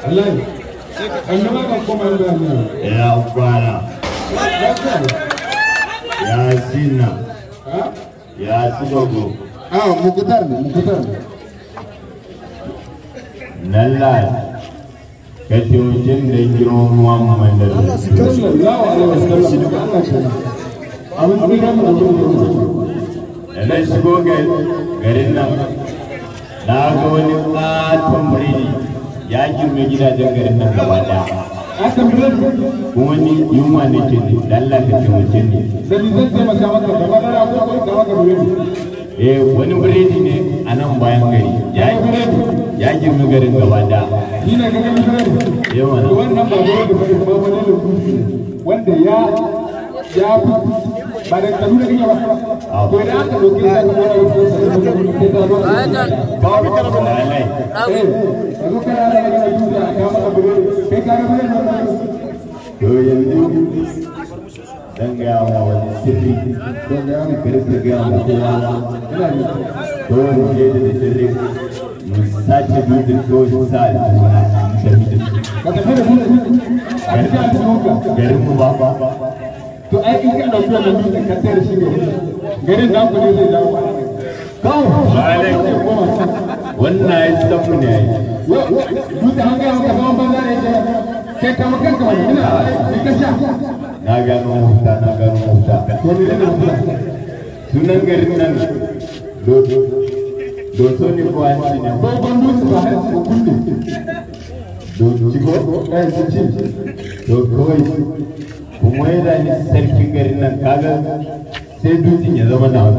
wallahi ya bana ya ya sigogo ah mukutar ne mukutar ne na shigo garin nan na wani ya girme gidajen garin nan gaba daya kuma ni yunwa ne ke ne da Allah ka taimake ni eh wani biredi ne a nan bayan gari ya girme garin gaba daya eh, ya fi मैंने कभी नहीं किया कोई ना तो लोग किया तो मेरा उसको सही में नहीं किया तो आया जान बाप कर रहा है नहीं अगर करा रहा है तो क्या काम का बोले क्या काम है तो ये जो dan gaya awal sirri dan gaya beres gaya awal to je da sirri musace dudin ko sa da mutum garin mu ba to ai in ka dauki wannan dutsen ka tsayar shi ne garin da ne zai dawo ba kawo wannan ya yi tafi ne yayi dutsen an gaya maka zaman banza ne kai kama kanka wani ina ah. ka sha na gano mahuta na gano mahuta to ne na mahuta sunan garin nan dodo dodo ne ko an ci ne ba ban dutse ba har ko kunne dodo ciko eh ci to kawai kuma ya ni sarkin garin nan kaga sai dutsen ya zama na nan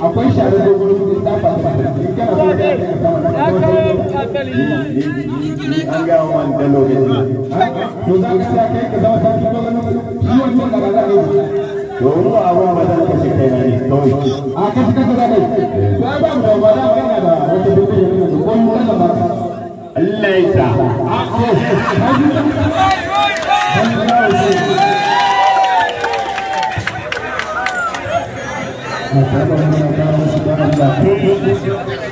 akwai da yi da domin ba abuwa a da wata Thank you.